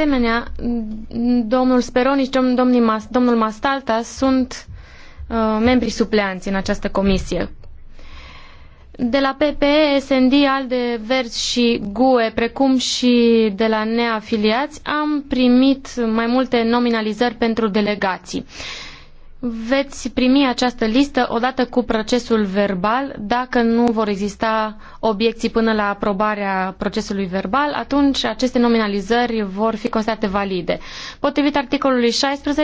asemenea, domnul Speroni și domnul, domnul Mastalta sunt uh, membrii membri supleanți în această comisie. De la PPE, SND, ALDE, Verzi și GUE, precum și de la neafiliați, am primit mai multe nominalizări pentru delegații. Uh, veți primi această listă odată cu procesul verbal. Dacă nu vor exista obiecții până la aprobarea procesului verbal, atunci aceste nominalizări vor fi considerate valide. Potrivit articolului 16,